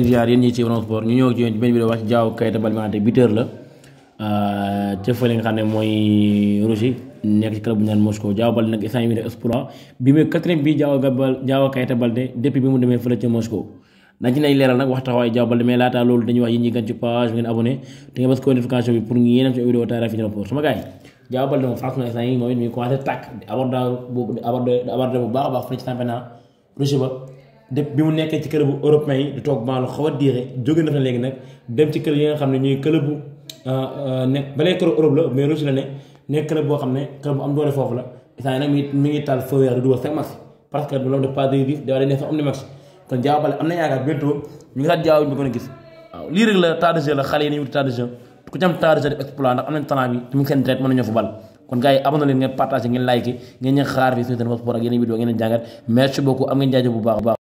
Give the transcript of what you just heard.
ñiar yeen ñi ci wono sport ñu ñoo ci ben bi do wax jaaw kay ta bal manante biteur la euh ci fele nga xamne moy rusi nek ci club bu ñaan mosco jaaw bal nak isaimi de espoir bi me 4e bi jaaw gabal jaaw kay ta bal de depuis bi mu demé fele ci mosco na ci nay leral nak wax taxaway jaaw bal demé lata lolu dañu wax yi ñi gën ci page ngeen abonné te nga bas ko notification bi pour ñi yeen ci vidéo ta rafi ñu pour sama gaay jaaw bal dama faax na isaimi moy ñu ko wax tak abordar bu abordar abordar bu baax baax fa ci tampena rusi ba de bi mu nekkee ci club bu européen yi di toog baalu xaw a diire jóge na fa léegi nag dem ci club yi nga xam ne ñuy euh, euh, nekk balee club Europe la mais Russie la boo xam ne club bu am la isaan nag mi mi ngeen partagé bu baax baax